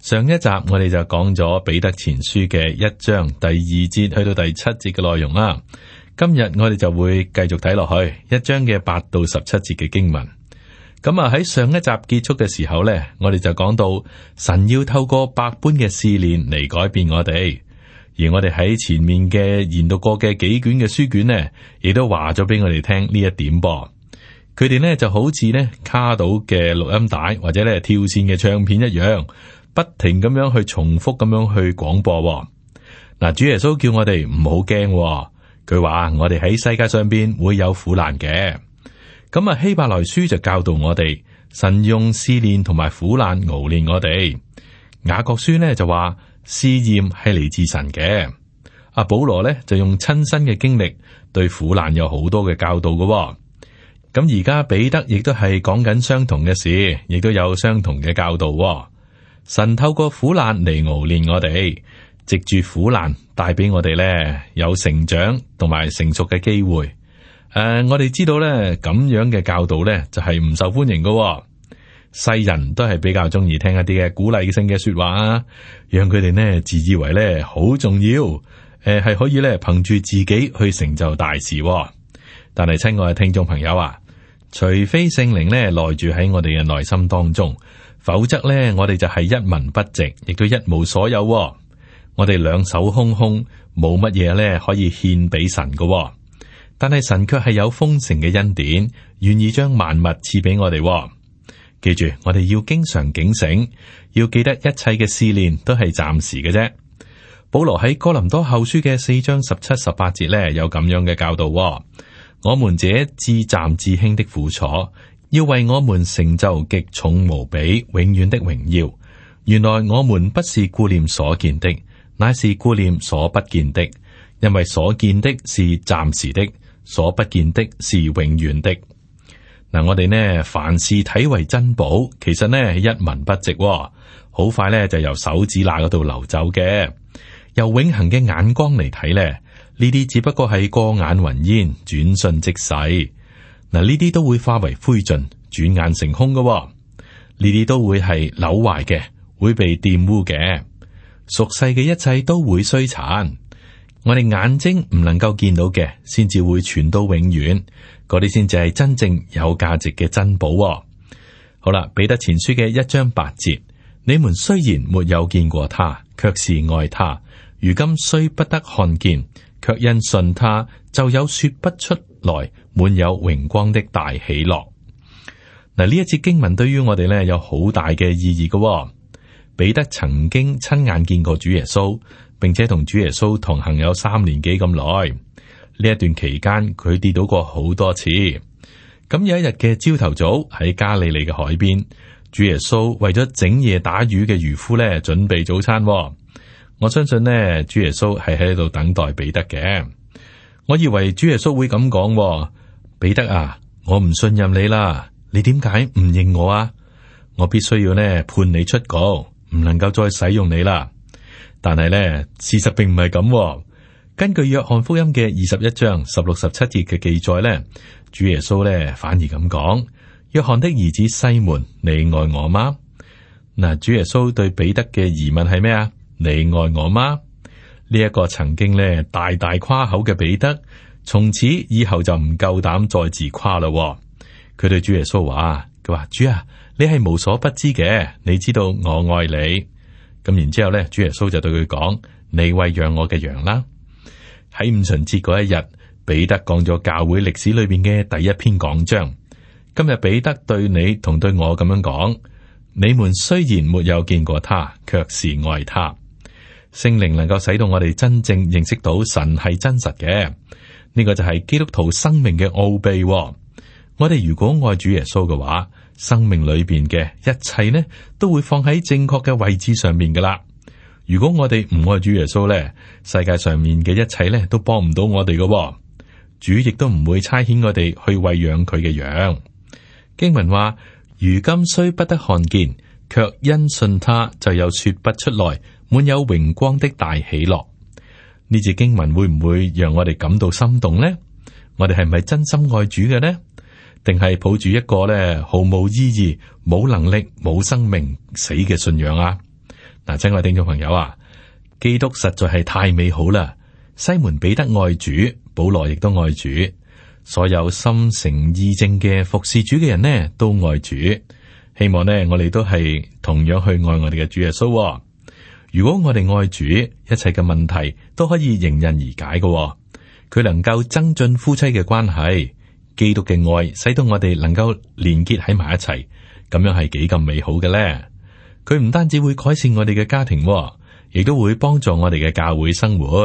上一集我哋就講咗《彼得前書》嘅一章第二節去到第七節嘅內容啦。今日我哋就會繼續睇落去一章嘅八到十七節嘅經文。咁啊，喺上一集結束嘅時候呢，我哋就講到神要透過百般嘅試煉嚟改變我哋，而我哋喺前面嘅研讀過嘅幾卷嘅書卷呢，亦都話咗俾我哋聽呢一點噃。佢哋呢就好似呢卡到嘅錄音帶或者呢跳線嘅唱片一樣。不停咁樣去重複咁樣去廣播嗱、哦，主耶穌叫我哋唔好驚，佢話我哋喺世界上邊會有苦難嘅。咁啊，希伯來書就教導我哋，神用試煉同埋苦難熬練我哋。雅各書呢就話試驗係嚟自神嘅。阿保羅呢就用親身嘅經歷對苦難有好多嘅教導噶、哦。咁而家彼得亦都係講緊相同嘅事，亦都有相同嘅教導、哦。神透過苦難嚟熬練我哋，藉住苦難帶俾我哋咧有成長同埋成熟嘅機會。誒、呃，我哋知道咧咁樣嘅教導咧就係唔受歡迎嘅、哦，世人都係比較中意聽一啲嘅鼓勵性嘅說話啊，讓佢哋呢自以為咧好重要。誒、呃，係可以咧憑住自己去成就大事、哦。但係親愛嘅聽眾朋友啊，除非聖靈呢內住喺我哋嘅內心當中。否則呢，我哋就係一文不值，亦都一無所有，哦。我哋兩手空空，冇乜嘢呢可以獻俾神噶、哦。但係神卻係有豐盛嘅恩典，願意將萬物賜俾我哋，哦。記住，我哋要經常警醒，要記得一切嘅試煉都係暫時嘅啫。保羅喺哥林多後書嘅四章十七、十八節呢，有咁樣嘅教導，哦：，我們這至暫至輕的苦楚。要為我們成就極重無比、永遠的榮耀。原來我們不是顧念所見的，乃是顧念所不見的。因為所見的是暫時的，所不見的是永遠的。嗱、嗯，我哋呢，凡事睇為珍寶，其實呢一文不值、哦，好快呢就由手指罅度流走嘅。由永恒嘅眼光嚟睇呢，呢啲只不過係過眼雲煙，轉瞬即逝。呢啲都會化為灰燼，轉眼成空㗎喎。呢啲都會係扭壞嘅，會被玷污嘅。俗世嘅一切都會衰殘，我哋眼睛唔能夠見到嘅，先至會傳到永遠。嗰啲先至係真正有價值嘅珍寶喎。好啦，彼得前書嘅一章八節，你們雖然沒有見過他，卻是愛他。如今雖不得看見，卻因信他就有說不出來。滿有榮光的大喜樂。嗱，呢一次經文對於我哋呢有好大嘅意義噶，哦。彼得曾經親眼見過主耶穌，並且同主耶穌同行有三年幾咁耐。呢一段期間，佢跌倒過好多次。咁有一日嘅朝頭早，喺加利利嘅海邊，主耶穌為咗整夜打魚嘅漁夫呢準備早餐，哦。我相信呢，主耶穌係喺度等待彼得嘅。我以為主耶穌會咁講，哦。彼得啊，我唔信任你啦，你點解唔認我啊？我必須要呢判你出局，唔能夠再使用你啦。但係呢，事實並唔係咁。根據約翰福音嘅二十一章十六十七節嘅記載呢，主耶穌呢反而咁講：約翰的兒子西門，你愛我嗎？嗱，主耶穌對彼得嘅疑問係咩啊？你愛我嗎？呢一個曾經呢大大誇口嘅彼得，從此以後就唔夠膽再自誇啦喎。佢對主耶穌話：佢話主啊，你係無所不知嘅，你知道我愛你。咁然之後咧，主耶穌就對佢講：你餵養我嘅羊啦。喺五旬節嗰一日，彼得講咗教會歷史裏邊嘅第一篇講章。今日彼得對你同對我咁樣講：你們雖然沒有見過他，卻是愛他。聖靈能夠使到我哋真正認識到神係真實嘅。呢個就係基督徒生命嘅奧秘，哦。我哋如果愛主耶穌嘅話，生命裏邊嘅一切呢，都會放喺正確嘅位置上面噶啦。如果我哋唔愛主耶穌咧，世界上面嘅一切呢，都幫唔到我哋噶，哦。主亦都唔會差遣我哋去餵養佢嘅羊。經文話：如今雖不得看見，卻因信他就有說不出來、滿有榮光的大喜樂。呢次經文會唔會讓我哋感到心動呢？我哋係唔係真心愛主嘅呢？定係抱住一個咧毫無意義、冇能力、冇生命、死嘅信仰啊？嗱，親愛聽眾朋友啊，基督實在係太美好啦！西門彼得愛主，保羅亦都愛主，所有心誠意正嘅服侍主嘅人呢，都愛主。希望呢，我哋都係同樣去愛我哋嘅主耶穌。如果我哋愛主，一切嘅問題都可以迎刃而解嘅、哦。佢能夠增進夫妻嘅關係，基督嘅愛使到我哋能夠連結喺埋一齊，咁樣係幾咁美好嘅咧。佢唔單止會改善我哋嘅家庭、哦，亦都會幫助我哋嘅教會生活。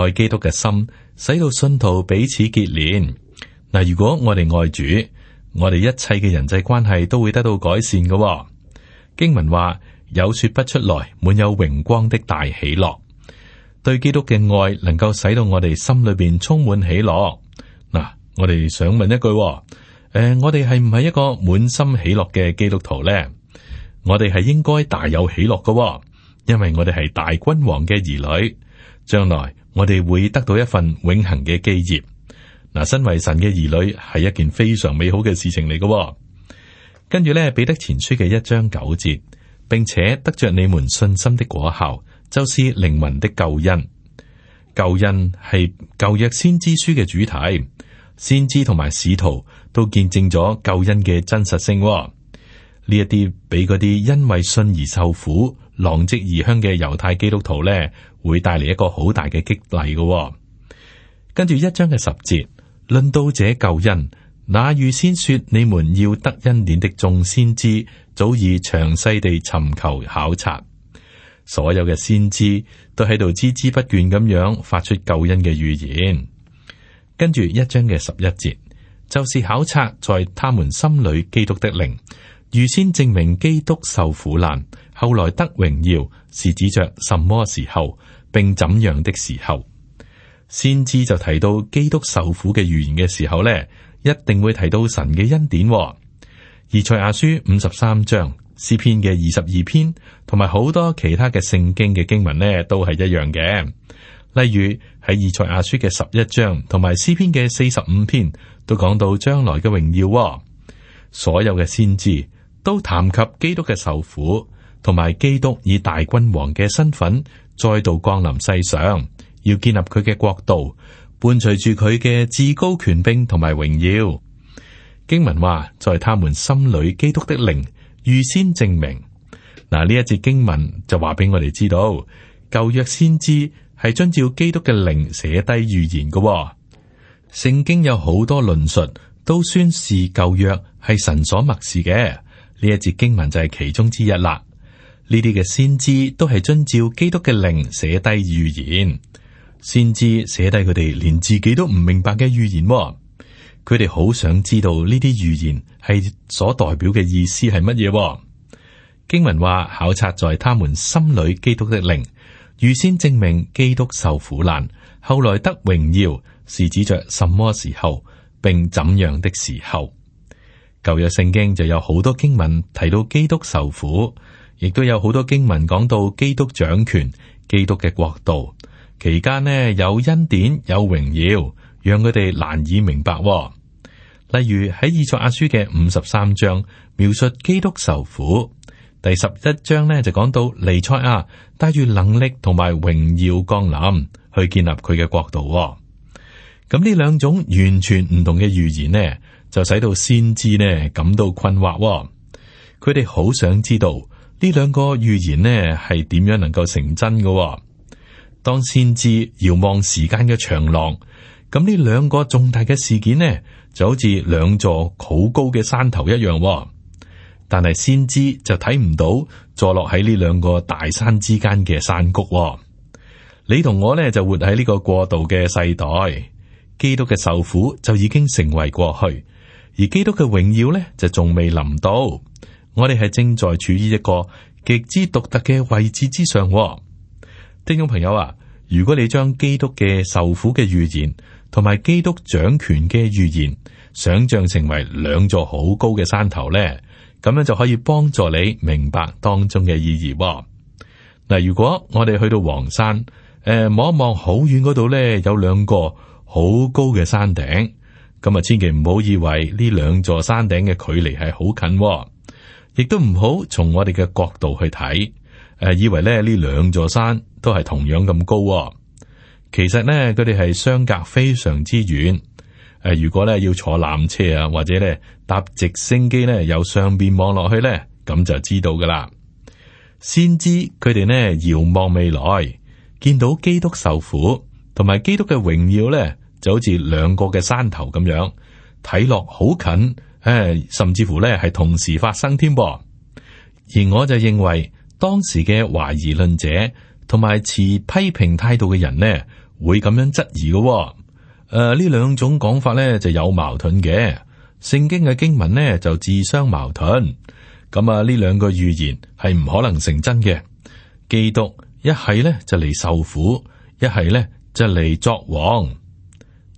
愛基督嘅心，使到信徒彼此結連。嗱，如果我哋愛主，我哋一切嘅人際關係都會得到改善嘅、哦。經文話。有說不出來，滿有榮光的大喜樂。對基督嘅愛能夠使到我哋心裏邊充滿喜樂。嗱，我哋想問一句：誒、呃，我哋係唔係一個滿心喜樂嘅基督徒呢？我哋係應該大有喜樂嘅，因為我哋係大君王嘅兒女，將來我哋會得到一份永恆嘅基業。嗱，身為神嘅兒女係一件非常美好嘅事情嚟嘅。跟住呢，彼得前書嘅一章九節。並且得着你們信心的果效，就是靈魂的救恩。救恩係舊約先知書嘅主題，先知同埋使徒都見證咗救恩嘅真實性、哦。呢一啲俾嗰啲因為信而受苦、浪跡異鄉嘅猶太基督徒咧，會帶嚟一個好大嘅激勵嘅、哦。跟住一章嘅十節，論到這救恩。那預先說你們要得恩典的眾先知，早已詳細地尋求考察，所有嘅先知都喺度孜孜不倦咁樣發出救恩嘅預言。跟住一章嘅十一節，就是考察在他們心裏基督的靈，預先證明基督受苦難，後來得榮耀，是指着什麼時候，並怎樣的時候。先知就提到基督受苦嘅預言嘅時候呢。一定會提到神嘅恩典，哦，以賽亞書五十三章詩篇嘅二十二篇，同埋好多其他嘅聖經嘅經文呢，都係一樣嘅。例如喺以賽亞書嘅十一章，同埋詩篇嘅四十五篇，都講到將來嘅榮耀，哦。所有嘅先知都談及基督嘅受苦，同埋基督以大君王嘅身份再度降臨世上，要建立佢嘅國度。伴隨住佢嘅至高權柄同埋榮耀，經文話：在、就是、他們心裏，基督的靈預先證明。嗱，呢一節經文就話俾我哋知道，舊約先知係遵照基督嘅靈寫低預言嘅。聖經有好多論述都宣示舊約係神所默示嘅，呢一節經文就係其中之一啦。呢啲嘅先知都係遵照基督嘅靈寫低預言。先知寫低佢哋連自己都唔明白嘅預言，佢哋好想知道呢啲預言係所代表嘅意思係乜嘢？經文話，考察在他們心裡基督的靈，預先證明基督受苦難，後來得榮耀，是指着什麼時候，並怎樣的時候。舊約聖經就有好多經文提到基督受苦，亦都有好多經文講到基督掌權、基督嘅國度。期間呢，有恩典有榮耀，讓佢哋難以明白、哦。例如喺《以賽阿書》嘅五十三章描述基督受苦，第十一章呢就講到《以塞亞》帶住能力同埋榮耀降臨，去建立佢嘅國度、哦。咁呢兩種完全唔同嘅預言呢，就使到先知呢感到困惑、哦。佢哋好想知道呢兩個預言呢係點樣能夠成真嘅、哦。當先知遙望時間嘅長廊，咁呢兩個重大嘅事件呢，就好似兩座好高嘅山頭一樣，但係先知就睇唔到坐落喺呢兩個大山之間嘅山谷。你同我呢就活喺呢個過渡嘅世代，基督嘅受苦就已經成為過去，而基督嘅榮耀呢就仲未臨到。我哋係正在處於一個極之獨特嘅位置之上。聽眾朋友啊，如果你將基督嘅受苦嘅預言同埋基督掌權嘅預言想象成為兩座好高嘅山頭咧，咁樣就可以幫助你明白當中嘅意義。嗱，如果我哋去到黃山，誒、呃、望一望好遠嗰度咧，有兩個好高嘅山頂，咁啊千祈唔好以為呢兩座山頂嘅距離係好近，亦都唔好從我哋嘅角度去睇。誒，以為咧呢兩座山都係同樣咁高，哦，其實呢，佢哋係相隔非常之遠。誒，如果咧要坐纜車啊，或者咧搭直升機咧，由上邊望落去咧，咁就知道噶啦。先知佢哋呢，遙望未來，見到基督受苦同埋基督嘅榮耀咧，就好似兩個嘅山頭咁樣睇落好近。誒，甚至乎咧係同時發生添噃。而我就認為。當時嘅懷疑論者同埋持批評態度嘅人呢，會咁樣質疑嘅。哦。誒、呃，呢兩種講法呢，就有矛盾嘅。聖經嘅經文呢，就自相矛盾。咁、嗯、啊，呢兩個預言係唔可能成真嘅。基督一係呢就嚟受苦，一係呢就嚟作王。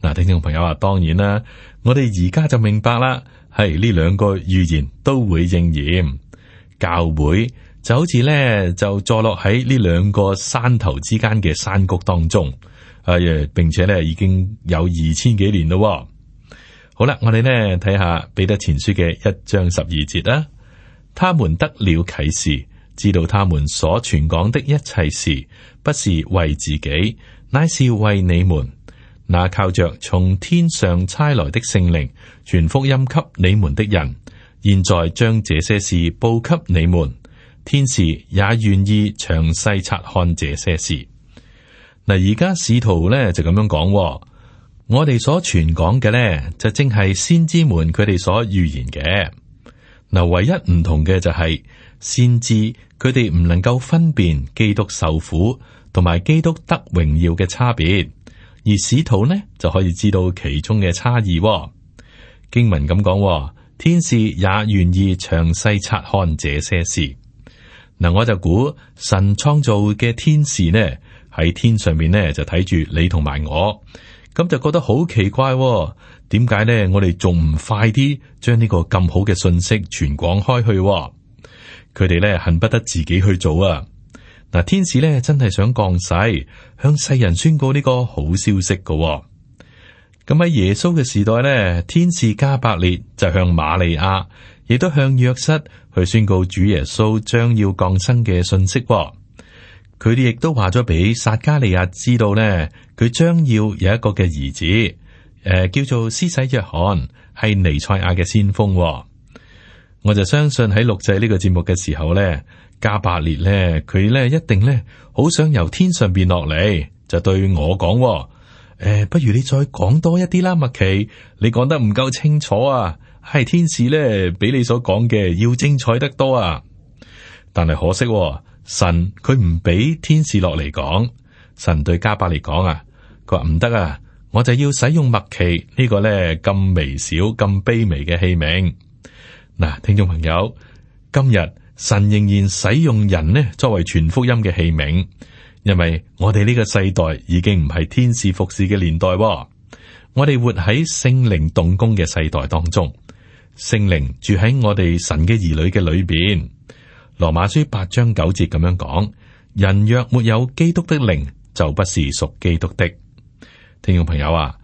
嗱，聽眾朋友啊，當然啦，我哋而家就明白啦，係呢兩個預言都會應驗，教會就好似呢，就坐落喺呢兩個山頭之間嘅山谷當中啊，誒，並且呢已經有二千幾年咯哦。好啦，我哋呢睇下彼得前書嘅一章十二節啦。他們得了啟示，知道他們所傳講的一切事，不是為自己，乃是為你們。那靠着從天上差來的聖靈傳福音給你們的人，現在將這些事報給你們。天使也願意詳細察看這些事。嗱，而家使徒咧就咁樣講，我哋所傳講嘅咧就正係先知們佢哋所預言嘅嗱。唯一唔同嘅就係，先知佢哋唔能夠分辨基督受苦同埋基督得榮耀嘅差別，而使徒呢就可以知道其中嘅差異。經文咁講，天使也願意詳細察看這些事。嗱，我就估神創造嘅天使呢，喺天上面呢就睇住你同埋我，咁就覺得好奇怪喎，點解呢？我哋仲唔快啲將呢個咁好嘅信息傳講開去喎？佢哋呢恨不得自己去做啊！嗱，天使呢真係想降世，向世人宣告呢個好消息噶喎。咁喺耶穌嘅時代咧，天使加百列就向瑪利亞，亦都向約瑟去宣告主耶穌將要降生嘅信息、哦。佢哋亦都話咗俾撒加利亞知道咧，佢將要有一個嘅兒子，誒、呃，叫做施洗約翰，係彌賽亞嘅先鋒、哦。我就相信喺錄製呢個節目嘅時候咧，加百列咧，佢咧一定咧，好想由天上邊落嚟，就對我講、哦。誒、欸，不如你再講多一啲啦，麥奇，你講得唔夠清楚啊！係、哎、天使咧，比你所講嘅要精彩得多啊！但係可惜、啊，神佢唔俾天使落嚟講。神對加百列講啊，佢話唔得啊，我就要使用麥奇、這個、呢個咧咁微小、咁卑微嘅器皿。嗱、啊，聽眾朋友，今日神仍然使用人呢作為全福音嘅器皿。因為我哋呢個世代已經唔係天使服侍嘅年代，我哋活喺聖靈動工嘅世代當中。聖靈住喺我哋神嘅兒女嘅裏邊。羅馬書八章九節咁樣講：人若沒有基督的靈，就不是屬基督的。聽眾朋友啊，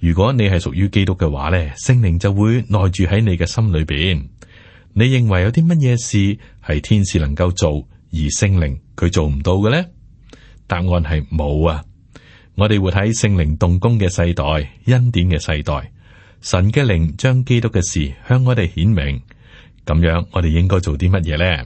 如果你係屬於基督嘅話咧，聖靈就會內住喺你嘅心裏邊。你認為有啲乜嘢事係天使能夠做，而聖靈佢做唔到嘅呢？答案係冇啊！我哋活喺聖靈動工嘅世代，恩典嘅世代，神嘅靈將基督嘅事向我哋顯明。咁樣我哋應該做啲乜嘢呢？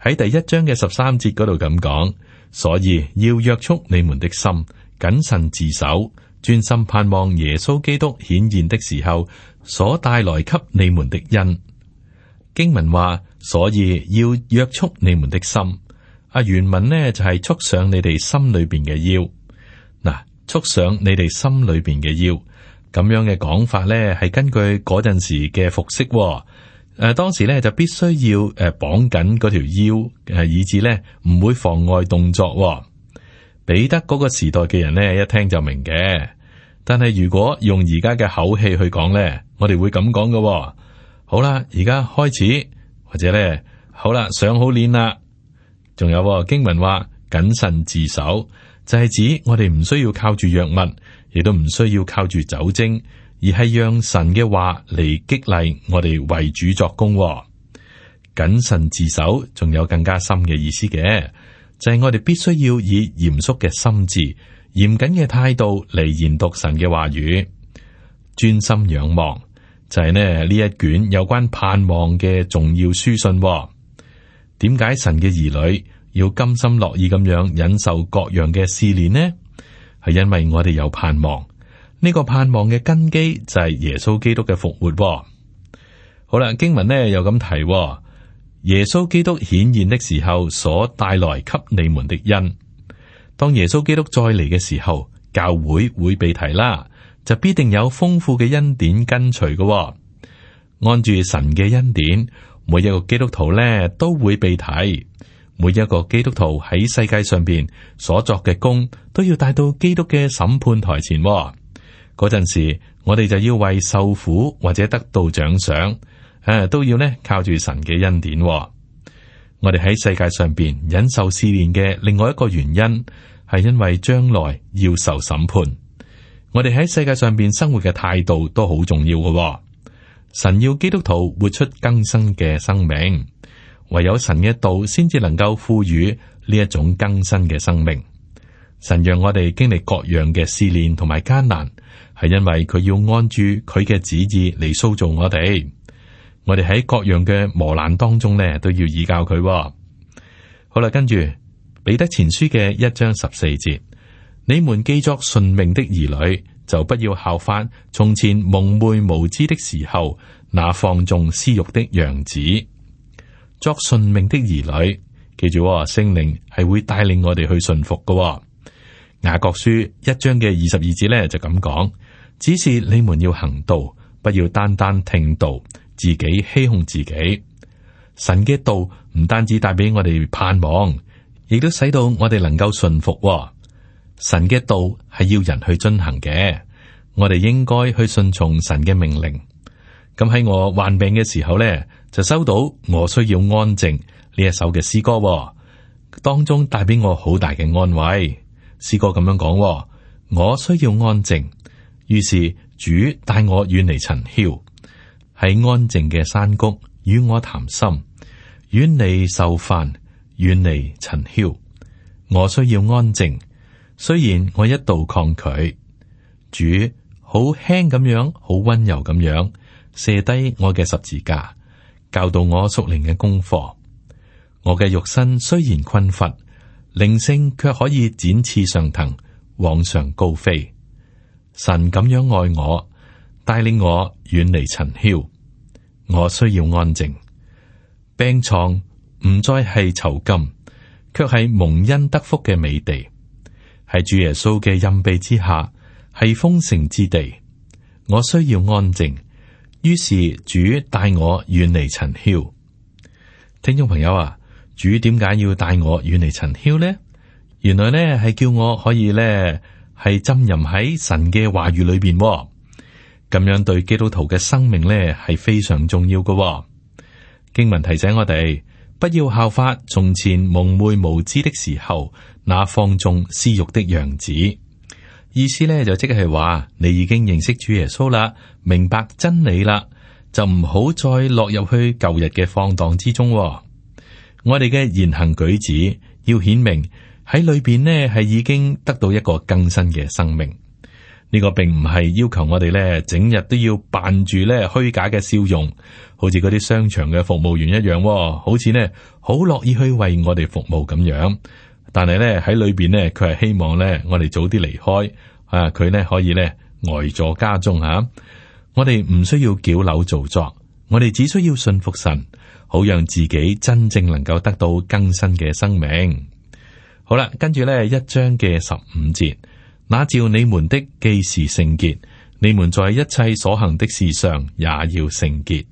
喺第一章嘅十三節嗰度咁講，所以要約束你們的心，謹慎自守，專心盼望耶穌基督顯現的時候所帶來給你們的恩。經文話，所以要約束你們的心。阿原文咧就係、是、束上你哋心裏邊嘅腰，嗱束上你哋心裏邊嘅腰，咁樣嘅講法咧係根據嗰陣時嘅服飾、哦，誒、啊、當時咧就必須要誒綁緊嗰條腰，誒、啊、以至咧唔會妨礙動作、哦。彼得嗰個時代嘅人咧一聽就明嘅，但係如果用而家嘅口氣去講咧，我哋會咁講嘅。好啦，而家開始，或者咧好啦，上好鏈啦。仲有經文話謹慎自守，就係指我哋唔需要靠住藥物，亦都唔需要靠住酒精，而係讓神嘅話嚟激勵我哋為主作工。謹慎自守仲有更加深嘅意思嘅，就係我哋必須要以嚴肅嘅心智、嚴謹嘅態度嚟研讀神嘅話語，專心仰望，就係呢呢一卷有關盼望嘅重要書信。點解神嘅兒女要甘心樂意咁樣忍受各樣嘅試煉呢？係因為我哋有盼望，呢、這個盼望嘅根基就係耶穌基督嘅復活、哦。好啦，經文呢又咁提、哦、耶穌基督顯現的時候所帶來給你們的恩。當耶穌基督再嚟嘅時候，教會會被提啦，就必定有豐富嘅恩典跟隨嘅、哦。按住神嘅恩典。每一個基督徒咧，都會被睇。每一個基督徒喺世界上邊所作嘅功都要帶到基督嘅審判台前、哦。嗰陣時，我哋就要為受苦或者得到獎賞，誒、啊、都要咧靠住神嘅恩典、哦。我哋喺世界上邊忍受試煉嘅另外一個原因，係因為將來要受審判。我哋喺世界上邊生活嘅態度都好重要嘅、哦。神要基督徒活出更新嘅生命，唯有神嘅道先至能夠賦予呢一種更新嘅生命。神讓我哋經歷各樣嘅試煉同埋艱難，係因為佢要按住佢嘅旨意嚟塑造我哋。我哋喺各樣嘅磨難當中咧，都要依靠佢。好啦，跟住彼得前書嘅一章十四節，你們既作順命的兒女。就不要效法從前蒙昧無知的時候那放縱私欲的樣子，作順命的兒女。記住、哦、聖靈係會帶領我哋去順服嘅、哦。雅各書一章嘅二十二節呢，就咁講，只是你們要行道，不要單單聽道，自己欺哄自己。神嘅道唔單止帶俾我哋盼望，亦都使到我哋能夠順服、哦。神嘅道係要人去進行嘅，我哋應該去順從神嘅命令。咁喺我患病嘅時候咧，就收到我需要安靜呢一首嘅詩歌，當中帶俾我好大嘅安慰。詩歌咁樣講，我需要安靜，於是主帶我遠離塵囂，喺安靜嘅山谷與我談心，遠離受犯，遠離塵囂。我需要安靜。雖然我一度抗拒，主好輕咁樣，好溫柔咁樣射低我嘅十字架，教導我屬靈嘅功課。我嘅肉身雖然困乏，靈性卻可以展翅上騰，往上高飛。神咁樣愛我，帶領我遠離塵囂。我需要安靜病床，唔再係囚禁，卻係蒙恩得福嘅美地。係主耶穌嘅蔭庇之下，係豐盛之地。我需要安靜，於是主帶我遠離塵囂。聽眾朋友啊，主點解要帶我遠離塵囂呢？原來呢係叫我可以呢係浸淫喺神嘅話語裏邊，哦，咁樣對基督徒嘅生命呢係非常重要嘅，哦。經文提醒我哋。不要效法從前蒙昧無知的時候那放縱私欲的樣子，意思咧就即係話你已經認識主耶穌啦，明白真理啦，就唔好再落入去舊日嘅放蕩之中哦。我哋嘅言行舉止要顯明喺裏邊咧係已經得到一個更新嘅生命。呢個並唔係要求我哋咧，整日都要扮住咧虛假嘅笑容，好似嗰啲商場嘅服務員一樣，好似呢，好樂意去為我哋服務咁樣。但係咧喺裏邊呢，佢係希望咧我哋早啲離開啊！佢呢可以咧呆坐家中啊！我哋唔需要矯揉造作，我哋只需要信服神，好讓自己真正能夠得到更新嘅生命。好啦，跟住咧一章嘅十五節。那召你們的既是聖潔，你們在一切所行的事上也要聖潔。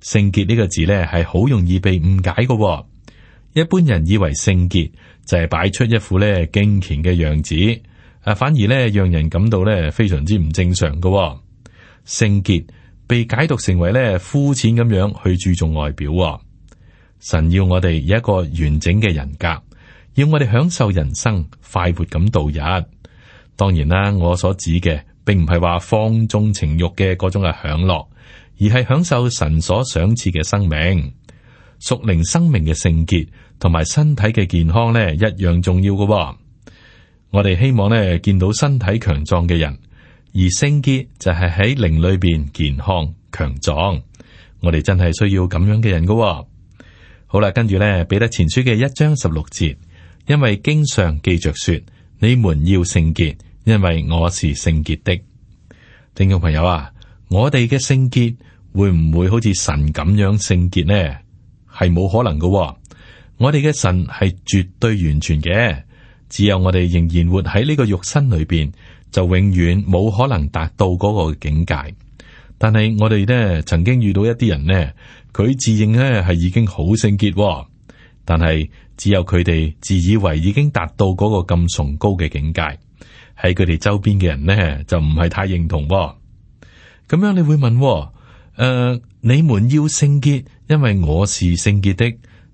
聖潔呢個字呢，係好容易被誤解噶。一般人以為聖潔就係擺出一副咧敬虔嘅樣子，啊，反而咧讓人感到咧非常之唔正常噶。聖潔被解讀成為咧膚淺咁樣去注重外表啊。神要我哋有一個完整嘅人格，要我哋享受人生，快活咁度日。當然啦，我所指嘅並唔係話放縱情欲嘅嗰種嘅享樂，而係享受神所賞賜嘅生命、屬靈生命嘅聖潔同埋身體嘅健康咧，一樣重要噶喎。我哋希望咧見到身體強壯嘅人，而聖潔就係喺靈裏邊健康強壯。我哋真係需要咁樣嘅人噶喎。好啦，跟住咧，彼得前書嘅一章十六節，因為經常記着說，你們要聖潔。因為我是聖潔的，聽眾朋友啊，我哋嘅聖潔會唔會好似神咁樣聖潔呢？係冇可能㗎喎。我哋嘅神係絕對完全嘅，只有我哋仍然活喺呢個肉身裏邊，就永遠冇可能達到嗰個境界。但係我哋呢曾經遇到一啲人呢，佢自認呢係已經好聖潔，但係只有佢哋自以為已經達到嗰個咁崇高嘅境界。喺佢哋周邊嘅人呢，就唔係太認同、哦。咁樣你會問、哦：誒、呃，你們要聖潔，因為我是聖潔的，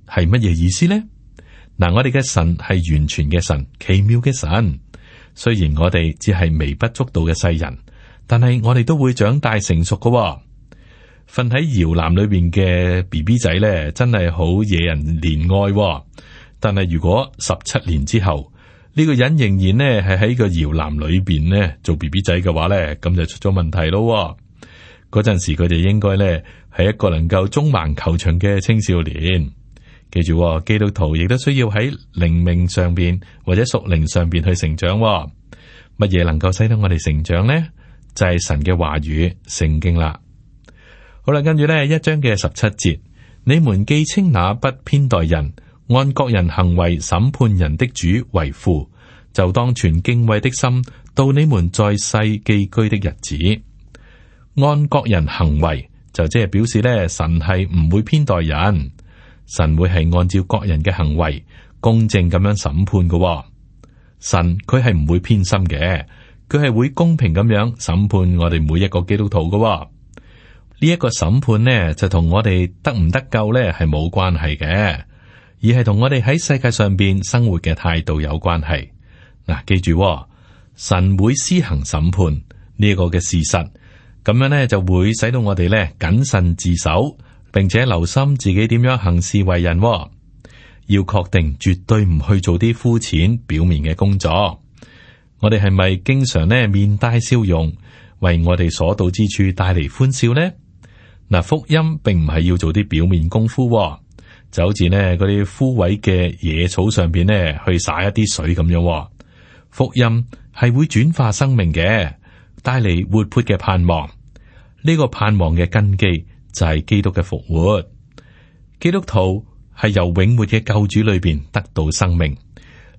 係乜嘢意思呢？嗱，我哋嘅神係完全嘅神，奇妙嘅神。雖然我哋只係微不足道嘅世人，但係我哋都會長大成熟噶、哦。瞓喺搖籃裏邊嘅 B B 仔咧，真係好惹人憐愛、哦。但係如果十七年之後，呢個人仍然咧，係喺個搖籃裏邊咧，做 B B 仔嘅話呢，咁就出咗問題咯。嗰陣時佢哋應該咧，係一個能夠中環球場嘅青少年。記住、哦，基督徒亦都需要喺靈命上邊或者屬靈上邊去成長、哦。乜嘢能夠使得我哋成長呢？就係、是、神嘅話語、聖經啦。好啦，跟住呢一章嘅十七節，你們既稱那不偏待人。按各人行為審判人的主為父，就當存敬畏的心到你們在世寄居的日子。按各人行為，就即係表示咧，神係唔會偏待人，神會係按照各人嘅行為公正咁樣審判嘅、哦。神佢係唔會偏心嘅，佢係會公平咁樣審判我哋每一個基督徒嘅、哦。呢、這、一個審判呢，就同我哋得唔得救咧係冇關係嘅。而係同我哋喺世界上邊生活嘅態度有關係。嗱、啊，記住、喎，神會施行審判呢、呢個嘅事實，咁樣呢就會使到我哋呢謹慎自守，並且留心自己點樣行事為人、喎。要確定絕對唔去做啲膚淺表面嘅工作。我哋係咪經常呢面帶笑容，為我哋所到之處帶嚟歡笑呢？嗱、啊，福音並唔係要做啲表面功夫、喎。就好似呢嗰啲枯萎嘅野草上邊呢，去灑一啲水咁樣、哦，福音係會轉化生命嘅，帶嚟活潑嘅盼望。呢、呢個盼望嘅根基就係基督嘅復活。基督徒係由永活嘅救主裏邊得到生命。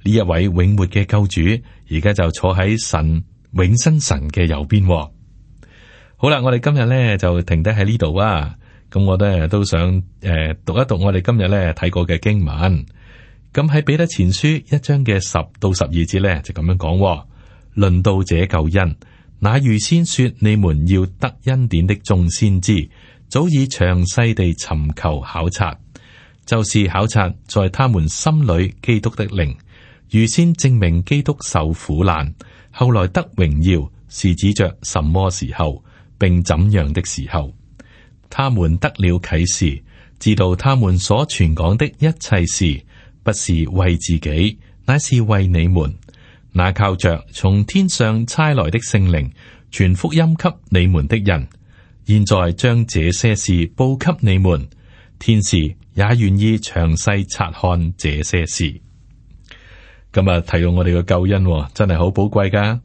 呢一位永活嘅救主，而家就坐喺神永生神嘅右邊、哦。好啦，我哋今日呢就停低喺呢度啊。咁我都都想誒、呃、讀一讀我哋今日咧睇過嘅經文。咁喺彼得前書一章嘅十到十二節咧就咁樣講：論到這救恩，那預先說你們要得恩典的眾先知，早已詳細地尋求考察，就是考察在他們心裏基督的靈，預先證明基督受苦難，後來得榮耀，是指着什麼時候，並怎樣的時候。他們得了啟示，知道他們所傳講的一切事不是為自己，乃是為你們。那靠着從天上差來的聖靈傳福音給你們的人，現在將這些事報給你們。天使也願意詳細察看這些事。今日提到我哋嘅救恩，真係好寶貴噶。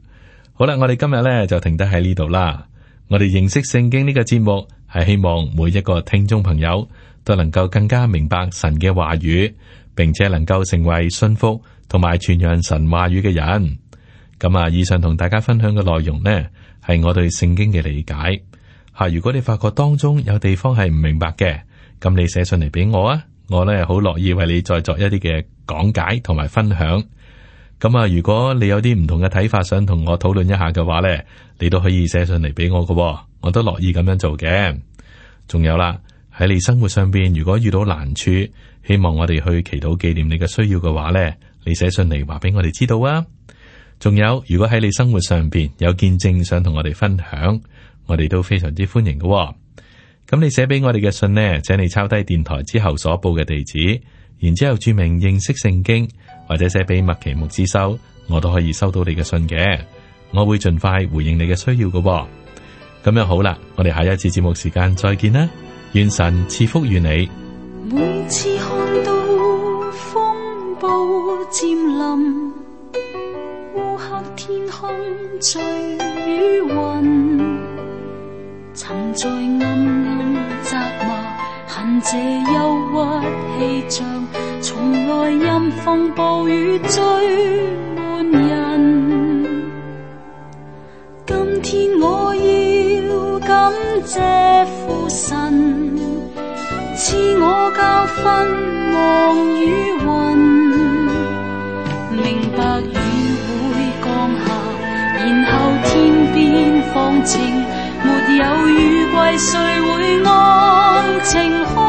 好啦，我哋今日咧就停得喺呢度啦。我哋認識聖經呢個節目。係希望每一個聽眾朋友都能夠更加明白神嘅話語，並且能夠成為信服同埋傳揚神話語嘅人。咁啊，以上同大家分享嘅內容呢，係我對聖經嘅理解。吓，如果你發覺當中有地方係唔明白嘅，咁你寫信嚟俾我啊，我咧好樂意為你再作一啲嘅講解同埋分享。咁啊，如果你有啲唔同嘅睇法，想同我討論一下嘅話咧，你都可以寫信嚟俾我嘅，我都樂意咁樣做嘅。仲有啦，喺你生活上邊，如果遇到難處，希望我哋去祈禱紀念你嘅需要嘅話咧，你寫信嚟話俾我哋知道啊。仲有，如果喺你生活上邊有見證，想同我哋分享，我哋都非常之歡迎嘅。咁你寫俾我哋嘅信咧，請你抄低電台之後所報嘅地址，然之後注明認識聖經。或者寫俾麥其木之修，我都可以收到你嘅信嘅，我會盡快回應你嘅需要嘅，哦。噉又好啦，我哋下一次節目時間再見啦，願神賜福與你。每次看到風暴漸臨，烏黑天空聚雨雲，沉醉暗暗責罵，恨這憂鬱氣象。從來任風暴雨追滿人，今天我要感謝父神，賜我教訓，望雨雲明白雨會降下，然後天邊放晴。沒有雨季，誰會安晴？